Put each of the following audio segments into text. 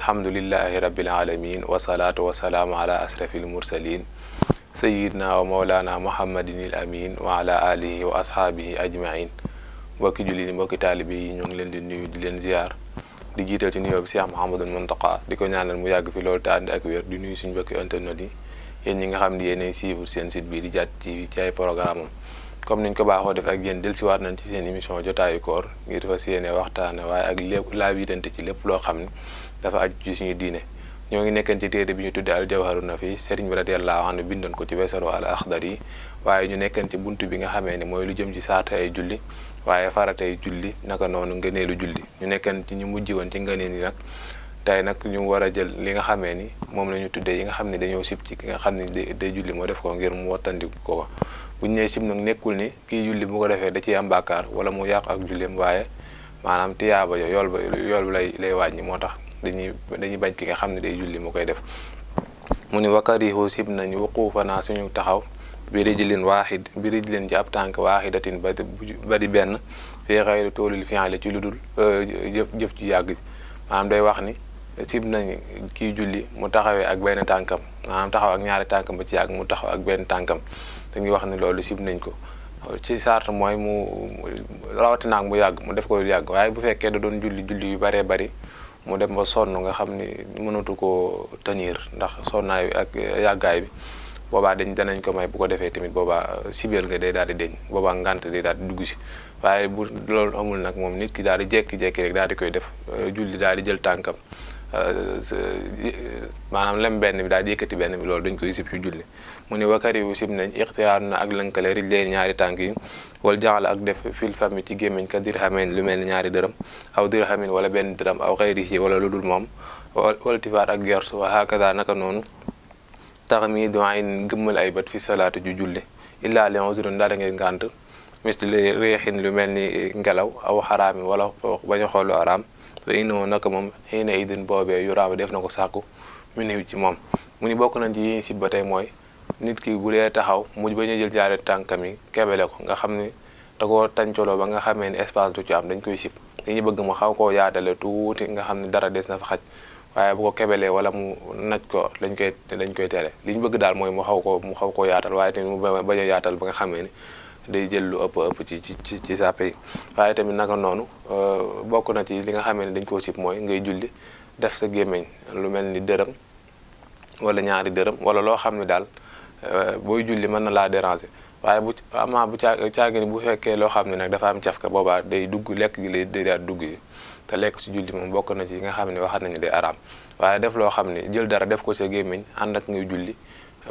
الحمد لله رب العالمين والصلاة والسلام على أشرف المرسلين سيدنا ومولانا محمد الأمين وعلى آله وأصحابه أجمعين mbokki julli ni mbokki taalibe yi ñoo ngi leen di nuyu di leen ziar di jiital ci nuyoo bi Cheikh Mouhamadou Mountakha di ko ñaanal mu yàgg fi loolu te ànd ak wér di nuyu suñu mbokki internet yi yéen ñi nga xam ne yéenay suivre seen site bi di jàtt ci ci ay programme am comme niñ ko baaxoo def ak yéen dellusiwaat nañ ci seen émission jotaayu koor ngir fas yéene waxtaane waaye ak lépp laa wiidante ci lépp loo xam ne dafa aju ci suñu diine ñoo ngi nekkan ci téere bi ñu tuddee al jawharu nafi sëriñ bi radiyallahu anhu bindoon ko ci wesaru al axdar yi waaye ñu nekkan ci bunt bi nga xamee ne mooy lu jëm ci sarta ay julli waaye faratay julli naka noonu ngëneelu julli ñu nekkan ci ñu mujj woon ci ngëneel yi nag tey nag ñu war a jël li nga xamee ni moom la ñu tuddee yi nga xam ne dañoo sib ci ki nga xam ne day julli moo def ko ngir mu wattandiku ko bu ñu nee sib nag nekkul ni kii julli mu ko defee da ciy am bàkkaar wala mu yàq ak julleem waaye maanaam tiyaaba jo yool ba yool lay lay wàññi moo tax dañuy dañuy bañ ki nga xam ne day julli mu koy def mu ni wakarihoo sib nañu waquufanaa suñu taxaw bi rijlin waaxid bi rijlin ci ab tànk waaxidatin ba badi benn fii xayri toolil fi'li ci lu dul eh, jëf jëf ju yàgg maanaam day wax ni sib nañ kiy julli mu taxawee ak benn tànkam maanaam taxaw ak ñaari tànkam ba ci yàgg mu taxaw ak benn tànkam te dañuy wax ni loolu sib nañ ko ci sart mooy mu rawatina ak mu yàgg mu def ko yàgg waaye bu fekkee da doon julli julli yu baree bari mu dem ma sonn nga xam ni mënatu ko tenir ndax sonnaay bi ak yàggaay bi boobaa dañ danañ ko may bu ko defee tamit boobaa sibeel nga day daal di deñ boobaa ngant day daal di dugg si waaye bu loolu amul nag moom nit ki daal di jekki-jekki rek daal di koy def julli daal di jël tànkam Euh, euh, maanaam lem benn bi daal di yëkkati benn bi loolu dañ koy sib ci julli mu ne wakari yu sib nañ ixtiraanu na ak lënkale rijleen ñaari tànk yi wala jaxal ak def fil fami ci gémmiñ ka dirhamin lu mel ni ñaari dërëm aw dirhamin wala benn dërëm aw xayrihi wala lu dul moom wala tifaat ak gersu wa hakada naka noonu tax mi doayn gëmmal ay bët fi salaat ju julli illaa li uzrun daa da ngeen ngànt misli lu mel ni ngelaw aw xaraami wala bañ a xoolu fa innoo naka moom xëy na idin boobee yu raaba def na ko sàkku mu niw ci moom mu ni bokk nañ ci yi si ba tey mooy nit ki bu dee taxaw muj ba ñu jël jaare tànkam yi kebele ko nga xam ni da koo tàncaloo ba nga xamee ni espace du ci am dañ koy sib dañuy bëgg mu xaw koo yaatale tuuti nga xam ne dara des na fa xaj waaye bu ko wala mu naj ko lañ koy dañ koy tere li ñu bëgg daal mooy mu xaw koo mu xaw koo yaatal waaye tamit mu bañ a yaatal ba nga xamee ni day jël lu ëpp ëpp ci ci ci sa pay waaye tamit naka noonu euh, bokk na ci li nga xamee ne dañ koo sib mooy ngay julli def sa gémmiñ lu mel ni dërëm wala ñaari dërëm wala loo xam ne daal euh, booy julli mën na laa déranger waaye bu ama bu caagin bu fekkee loo xam ne nag dafa am cafka boobaa day dugg lekk gi lay daal dugg yi te lekk ci julli moom bokk na ci yi nga xam ne waxat nañu day araam waaye def loo xam ne jël dara def ko sa gémmiñ ànd ak ngay julli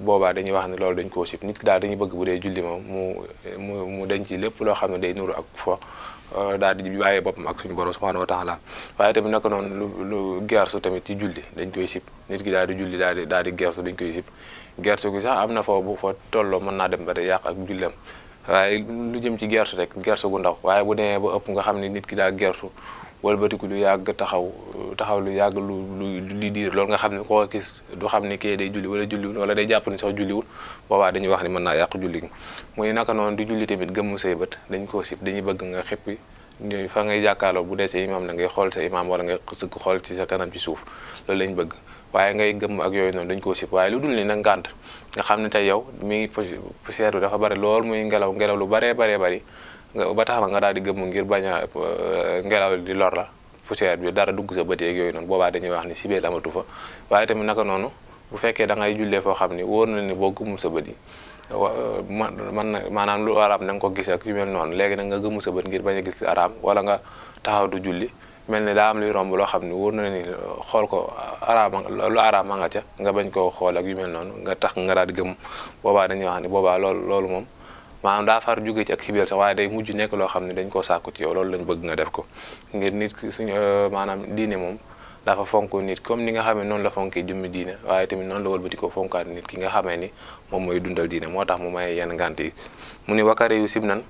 boobaa dañuy wax ne loolu dañ koo sib nit ki daal dañuy bëgg bu dee julli moom mu mu mu denc ci lépp loo xam ne day nuru ak fo euh, daal di bàyyee boppam ak suñu borom subhanahu wa taala waaye tamit naka noonu lu lu gersu tamit ci julli dañ koy sip nit ki daal di julli daal di daal di gersu dañ koy sib gersu gi sax am na foo bu fa tolloo mën naa dem ba de yàq ak jullam waaye lu jëm ci gersu rek gersu gu ndaw waaye bu demee ba ëpp nga xam ne nit ki daal gersu wëlbatiku lu yàgg taxaw taxaw lu yàgg lu li diir loolu nga xam ko koo gis du xam ne kii day julli wala julliwul wala day jàpp ne sax julliwul boobaa dañuy wax ni mën naa yàq julli gi naka noonu di julli tamit gëmmu say bët dañ koo sib dañuy bëgg nga xippi ñooy fa ngay jàkkaarloo bu dee sa imaam la ngay xool sa imaam wala ngay sëgg xool ci sa kanam ci suuf loolu lañ bëgg waaye ngay gëmm ak yooyu noonu dañ koo sib waaye lu dul ni nag ngànt nga xam ne tey yow mi ngi poussière dafa bare lool muy ngelaw ngelaw lu baree baree bari ba tax nga daal di gëmm ngir bañ euh, ngelaw di lor la poussière bi dara dugg sa bët yeeg yooyu noonu boobaa dañuy wax ni sibeel amatu fa waaye tamit naka noonu bu fekkee da ngay jullee foo xam ni wóor na ni boo gëmul sa bët yi man na lu arab na ko gis ak yu mel noonu léegi nag nga gëmul sa bët ngir bañ gis araam wala nga taxaw du julli mel ni daa am luy romb loo xam ne na ni xool ko arab lu araam ma nga ca nga bañ koo xool ak yu mel noonu nga tax nga daal di gëm boba dañuy wax ni boba loolu loolu moom maanaam daa far jóge ci ak sibeel sax waaye day mujj nekk loo xam ne dañ koo sàkku ci yow loolu lañ bëgg nga def ko ngir nit suñu euh, maanaam diine moom dafa fonk nit comme ni nga xamee noonu la fonkee jëmmi diine waaye tamit noonu la wëlbati ko fonkaat nit ki nga xamee ni moom mooy dundal diine moo tax mu may yen ngànt yi mu ni wakare yu sib nan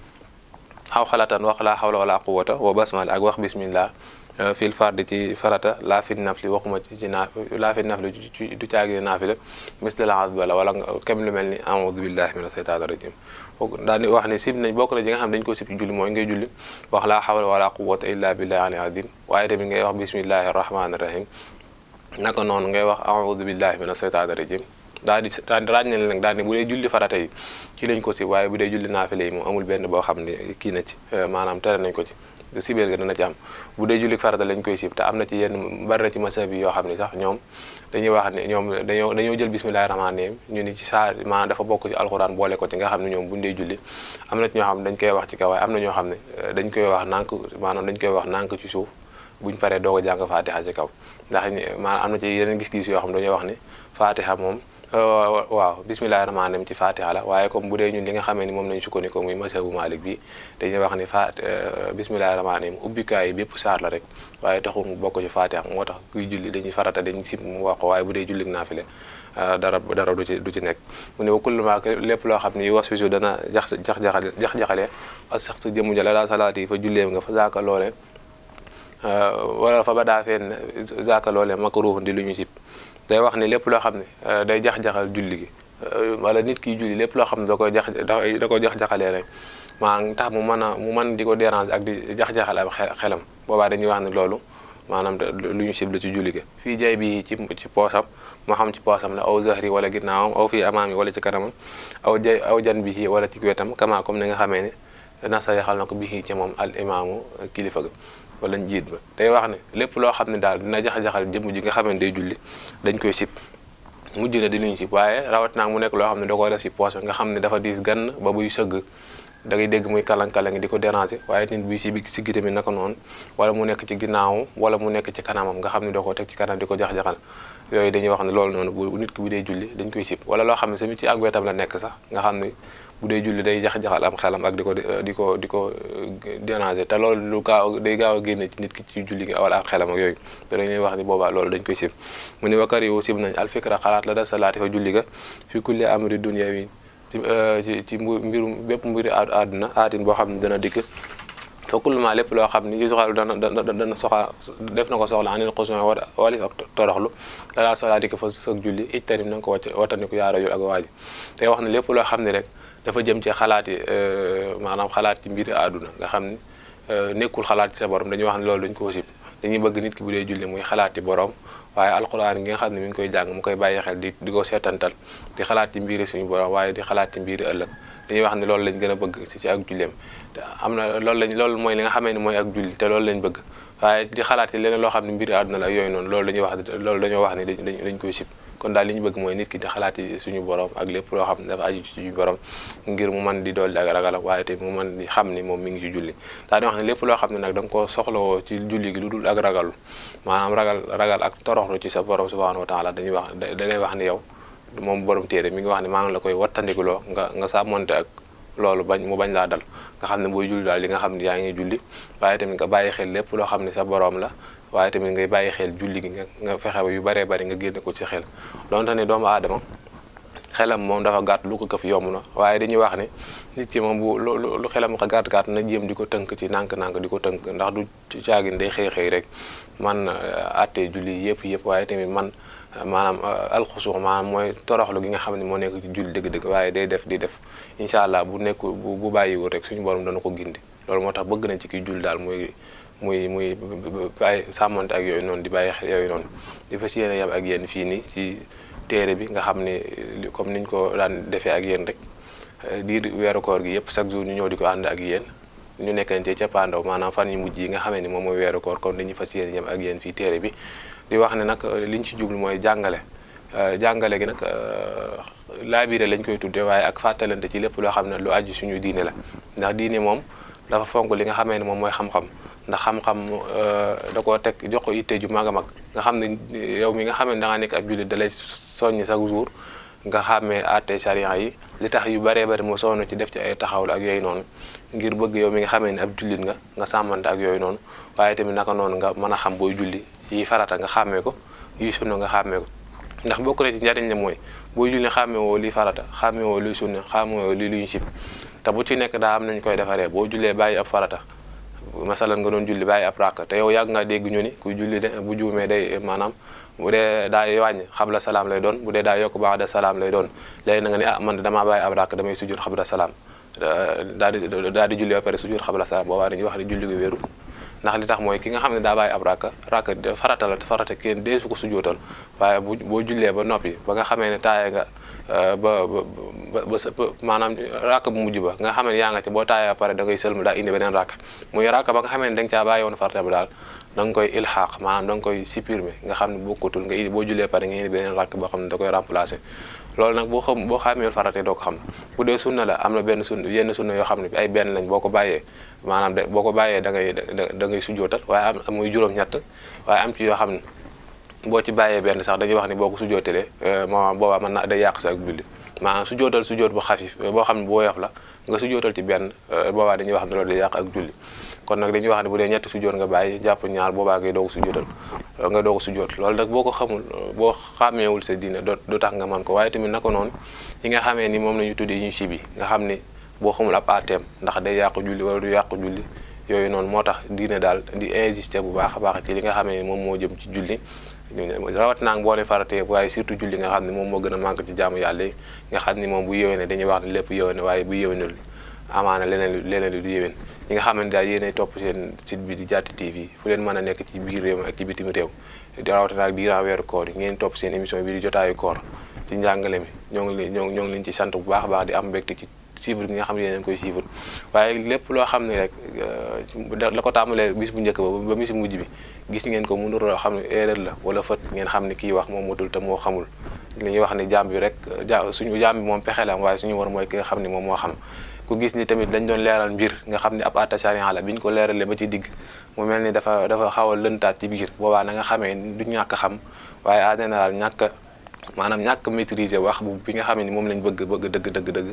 xaw xalaatan wax laa xawla wala quwata wa basmal ak wax bismillah Euh, fil fardi ci farata laafin naf li waxuma ci ci naaf laafin naf li du caagi naafila misli la bala wala kem lu mel ni a billahi mina seytaani rajim daani wax ne sib nañ bokk na ji nga xam ne dañ ko sib ci julli mooy ngay julli wax laa xawla wala quwwata illa billahi ali azim waaye tamit ngay wax bismillahi rahmaani rahim naka noonu ngay wax aoudu billahi mina seytaani rajim daa di ràññ na nag daal ni bu dee julli farata yi ci lañ ko sib waaye bu dee julli naafila yi moom amul benn boo xam ne kii na ci euh, maanaam tere nañ ko ci sibeel ga dana ci am bu dee julli farata lañ koy sib am na ci yenn bari na ci masa yoo xam ne sax ñoom dañuy wax ne ñoom dañoo dañoo jël bismillahi rahmaani rahim ñu ni ci saa maanaam dafa bokk ci alxuraan boole ko ci nga xam ne ñoom buñ dee julli am na ci ñoo xam ne dañ koy wax ci kaw waaye am na xam ne eh, dañ koy wax nànk maanaam dañ koy wax nànk ci suuf buñ paree doog a jàng faatiha ci kaw ndax maanaam am na ci yenn gis-gis yoo xam ne dañoo wax ne faatiha moom waaw bisimilah rahmaani am ci fatiha la waaye comme bu dee ñun li nga xamee ni moom nañu sukkandiku muy mazhabu Malik bi dañuy wax ni fa euh, bisimilah rahmaani rahim ubbikaay bépp saar la rek waaye taxu mu bokk ci fatiha moo tax kuy julli dañuy farata dañuy sim mu wax ko waaye bu dee julli naafile euh, dara dara du ci du ci nekk mu ne wa kullu maa lépp loo xam ne yu waswisu dana jax jax jaxale jax jaxale parce que jëmu ja la daa salaati yi fa julleem nga fa zaaka loole euh, wala fa ba daa feen zaaka loole lu ñu sib day wax ne lépp loo xam ne euh, day jax-jaxal julli gi euh, wala nit kiy julli lépp loo xam ne da koy jax da koy jax-jaxalee rek maanaam tax mu mën a mu mën di ko déranger ak di jax-jaxal ab xelam boobaa dañuy wax ne loolu maanaam lu ñu ciblé ci julli gi fii jay bi ci ci poosam moo xam ci poosam la aw zahri wala ginnaawam aw fi amaam wala ci kanamam aw aw jan bi wala ci wetam kama comme ni nga xamee ne nasa yaxal na ko bi ci moom al imaamu kilifa ga wala njiit ba day wax ne lépp loo xam ne daal dina jaxa-jaxal jëmm ji nga xamante day julli dañ koy sib mujj na dinañ sib waaye rawat mu nekk loo xam ne da koy def si poche nga xam ne dafa diis gann ba sëgg da ngay dégg muy kalang-kalang di ko déranger waaye nit bi si si gi naka noonu wala mu nekk ci ginnaaw mu nekk ci kanamam nga xam ne da koo teg ci kanam di ko jax-jaxal yooyu wax ne loolu noonu bu nit bu dee julli dañ koy sib wala loo xam ne tamit ci ak wetam la nekk sax nga xam ne bu dee julli day jax-jaxal am xelam ak di ko di ko di ko eh, te loolu lu gaaw day gaaw a génn ci nit ki ci julli gi wala am xelam ak yooyu te dañuy wax ni boobaa loolu dañ koy sib mu ne wakar yow sib nañ alfikra xalaat la da salaati fa julli ga fi kulli amri eh, ci ci mbirum bépp mbiri àdduna aatin boo xam ne dana dikk fakkulment lépp loo xam ni ci soxal dana dana soxla def na ko soxla anil xusun walif ak toroxlu lalaa soxlaa dikk fa sëg julli ijtanim na ko wàcc wattandiku yaara yul ak waaji tey loo xam rek dafa jëm ci xalaati manam maanaam xalaat ci mbiri àdduna nga xamni nekul nekkul xalaat ci sa borom dañuy wax ne loolu dañ koo sib dañuy bëgg nit ki bu dee julli muy xalaat ci borom waaye alquran gi nga xam ne mi ngi koy jàng mu koy bàyyi xel di di ko seetantal di xalaat ci mbiri suñu borom waaye di xalaat ci mbiri ëllëg dañuy wax ne loolu lañ gën a bëgg ci ak julleem te am na loolu lañ loolu mooy li nga xamee ni mooy ak julli te loolu lañ bëgg waaye di xalaat ci leneen loo xam ne mbiri àdduna la ak yooyu noonu loolu dañuy wax loolu dañoo wax ne dañ dañ koy sib kon daal li ñu bëgg mooy nit ki di xalaati suñu borom ak lépp loo xam ne dafa aju ci suñu borom ngir mu mën di dolli ak ragal waaye te mu mën di xam ni moom mi ngi ci julli daa di wax ne lépp loo xam ne nag da koo soxlawoo ci julli lu dul ak ragalu maanaam ragal ragal ak toroxlu ci sa borom subhanahu wa taala dañuy wax dañuy wax ne yow moom borom téere mi ngi wax ne maa ngi la koy wattandikuloo nga nga sàmmonte ak loolu bañ mu bañ laa dal nga xam ne booy julli daal li nga xam ne yaa ngi julli waaye tamit nga bàyyi xel lépp loo xam ne sa boroom la waaye tamit ngay bàyyi xel julli gi nga nga fexe yu baree bari nga génne ko ci xel donte ne doomu aadama xelam moom dafa gàtt lu ko këf yomb na waaye dañuy wax ne nit moom bu lu xelam ko gàtt gàtt na jéem di ko tënk ci nànk-nànk di ko tënk ndax du caagin day xëy xëy rek man euh, àttee julli yëpp yëpp waaye tamit man euh, maanaam euh, alxusuux maanaam mooy toroxlu gi nga xam ne moo nekk ci julli dëgg-dëgg waaye day def di def incha allah bu nekk bu bàyyiwul rek suñu borom dana ko gindi loolu moo tax bëgg na ci ki julli daal mooy muy muy bàyyi sàmmonte ak yooyu noonu di bàyyi xel yooyu noonu di fas yéene yam ak yéen fii nii si téere bi nga xam ne comme niñ ko daan defee ak yéen rek euh, diir weeru koor gi yëpp chaque jour ñu ñëw di ko ànd ak yéen ñu nekk nañ ci cappaandaw maanaam fan yu mujj yi nga xamee ni moom mooy weeru koor kon dañuy fas yéene yam ak yéen fii téere bi di wax ne nag euh, liñ ci jublu mooy jàngale euh, jàngale gi nag laabire lañ koy tudde waaye ak fàttalante ci lépp loo xam ne lu aju suñu diine la ndax diine moom dafa fonk li nga xamee ne moom mooy xam-xam ndax xam-xam euh, da koo teg jox ko itte ju mag a mag nga xam ne yow mi nga xamee ne da nga nekk ab jullit da lay soññ chaque jour nga xàmmee àtte sariya yi li tax yu baree bari mu sonn ci def ci ay taxawul ak yooyu noonu ngir bëgg yow mi nga xamee ne ab jullit nga nga sàmmante ak yooyu noonu waaye tamit naka noonu nga mën a xam booy julli yi farata nga xàmmee ko yi sunna nga xàmmee ko ndax bokk na ci njariñ la mooy booy julli xàmmee woo li farata xàmmee woo luy sunna xàmmee woo li luñ sib te bu ci nekk daa am nañ koy defaree boo jullee bàyyi ab farata masalan nga doon julli bàyyi ab rakk te yow yàgg nga dégg ñu ni ku julli de bu juumee day maanaam bu dee daa wàññi xabla salaam lay doon bu dee daa yokk baada salaam lay doon léegi na nga ni ah man damaa bàyyi ab rakk damay sujjud xabla salaam daal di daal di julli ba pare sujjud xabla salaam boobaa dañuy wax ne julli gi wéeru ndax li tax mooy ki nga xam ne daa bàyyi ab rakk rakk farata la te farata kenn deesu ko sujootal waaye bu boo jullee ba noppi ba nga xamee ne taaya nga euh, ba ba sa maanaam rakk bu mujj ba nga xamee ne yaa nga ci boo taaya ba pare da ngay sëlmu daa indi beneen rakk muy rakk ba nga xamee ne da nga caa bàyyi woon farata bi daal da nga koy ilxaq maanaam da nga koy supprimer nga xam ne boo bokkatul nga indi boo jullee pare nga indi beneen rakk boo xam ne da koy remplacer loolu nag boo xam boo xàmmeel farate doo ko xam bu dee sunna la am na benn sunna yenn sunna yoo xam ne ay benn lañ boo ko bàyyee maanaam de ko bàyyee da ngay da ngay sujootal waaye am muy juróom-ñett waaye am ci yoo xam ne boo ci bàyyee benn sax dañuy wax ne boo ko sujootalee euh, moom boobaa mën na day yàq sa ak julli maanaam sujootal sujoot bu xafif boo xam ne bu woyof la nga sujootal ci benn euh, boobaa dañuy wax ne loolu day yàq ak julli kon nag dañuy wax ne bu dee ñetti sujoot nga bàyyi jàpp ñaar boobaa ngay doog sujootal euh, nga doog sujoot loolu nag boo ko xamul euh, boo xàmmeewul sa diine do tax nga man ko waaye tamit naka noon yi nga xamee ni moom la ñu tuddee ñu ci bi nga xam ne boo xamul ab ateem ndax day yàq julli wala du yàq julli yooyu noonu moo tax diine daal di insister bu baax a baax ci li nga xamee ni moom moo jëm ci julli rawat naang boole farate waaye surtout julli nga xam ne moom moo gën a manque ci jaamu yàlla yi nga xam ne moom bu yéwéne dañuy wax ne lépp yéwéne waaye bu yéwénul amaana leneen leneen li ñi nga xamante daal yéenay topp seen site bi di Diatty TV fu leen mën a nekk ci biir réew ak ci bitim réew di rawat naag diiran weeru koor yi ngeen topp seen émission bi di jotaayu koor ci njàngale mi ñoo ngi leen ñoo ngi leen ci sant bu baax baax di am mbégte ci suivre bi nga xam ne yéen a ngi koy suivre waaye lépp loo xam ne rek euh, la ko tàmbalee bis bu njëkk ba ba bis bu mujj bi gis ngeen ko mu nuru loo xam ne erreur la wala fët ngeen xam ne kii wax moom motul te moo xamul li ñuy wax ne jaam bi rek ja suñu jaam moom pexe la am suñu war mooy ki nga xam ne moom moo xam ku gis ni tamit dañ doon leeral mbir nga xam ne at attachariant la bi ñu ko leeralee ba ci digg mu mel ni dafa dafa xaw a lëntaat ci biir boobaa na nga xamee du ñàkk xam waaye en général ñàkk maanaam ñàkk maîtriser wax bu bi nga xam ne moom lañ bëgg bëgg dëgg dëgg dëgg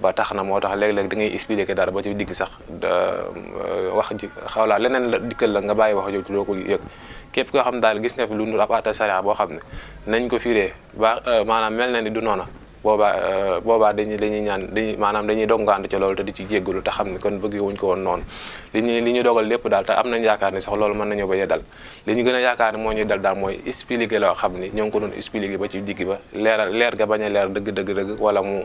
ba tax na moo tax léeg-léeg da ngay expliquer dara ba ci digg sax euh, wax ji xawlaa leneen la dikkal la nga bàyyi wax jooju loo ko yëg képp koo xam daal gis nga fi lu nu ab atta sharia boo xam ne nañ ko firee ba euh, maanaam mel na ni du noona boobaa euh, boobaa dañuy dañuy ñaan dañuy maanaam dañuy doggaandu ci loolu te di ci jéggalu te xam ne kon bëgg wuñ ko woon noon li ñu li ñu dogal lépp daal te am nañ yaakaar ne sax loolu mën nañu bañ a dal li ñu gën a yaakaar ne moo ñu dal daal mooy expliqué loo xam ni ñoo ngi ko doon expliqué ba ci digg ba leeral leer ga bañ a leer dëgg dëgg dëgg wala mu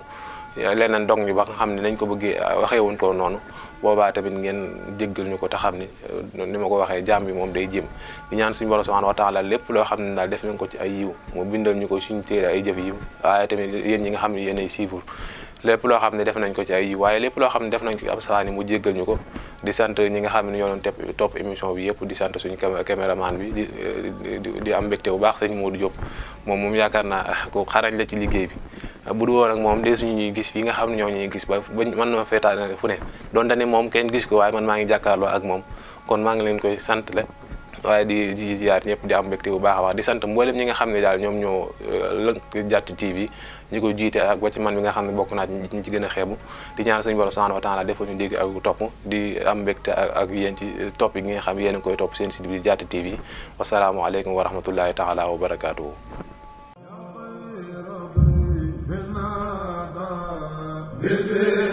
leneen dog ñu ba nga xam ne nañ ko bëggee ah, waxee woon ko noonu boobaa tamit ngeen jéggal ñu ko te xam ni euh, ni ma ko waxee jaam bi moom day jéem ñaan suñu borom subhanahu wa taala lépp loo xam ne daal def nañ ko ci ay yiw mu bindal ñu ko suñu téere ay jëf yiw waaye tamit yéen ñi nga xam ne yéen ay siifur lépp loo xam ne def nañ ko ci ay yiw waaye lépp loo xam ne def nañ ko ci ab saani mu jéggal ñu ko di sant ñi nga xam ne ñoo doon topp émission bi yëpp di sant suñu caméraman bi di di am mbégte bu baax sëñ Modou Diop moom moom yaakaar naa ah, ko xarañ la ci liggéey bi ah, bu du woon ak moom de suñ ñuy gis yi nga xam ne ñoo ñuy gis ba man na ma feetaane fu ne donte moom kenn gis ko waaye man maa ngi jàkkaarloo ak moom kon maa ngi leen koy sant waaye di di ziar ñëpp di am mbégte bu baax a baax di sant mboolem ñi nga xam ne daal ñoom ñoo euh, lënk jàtt TV ñi ko jiite ak ba ci man mi nga xam ne bokk naa ñi ci gën a xeebu di ñaan suñu borom subhanahu wa taala defal ñu dégg ak topp di am mbégte ak yéen ci euh, topp yi nga xam yéen a koy topp seen site bi di jàtt TV wasalaamaaleykum wa rahmatullahi taala wa barakaatuhu bébé